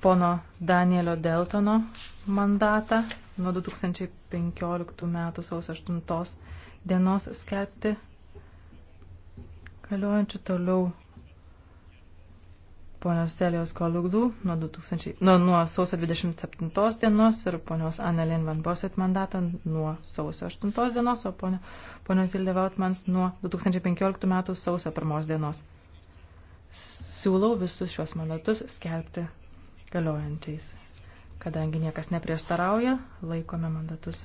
pono Danielio Deltono mandatą nuo 2015 metų sausio 8 dienos skelbti galiojančių toliau ponios Selijos Kolugdų nuo, 2000, nuo, nuo sausio 27 dienos ir ponios Annelien Van Bosit mandatą nuo sausio 8 dienos, o ponio, ponios Ilde Vautmans nuo 2015 metų sausio 1 dienos. Siūlau visus šiuos mandatus skelbti galiojančiais. Kadangi niekas neprieštarauja, laikome mandatus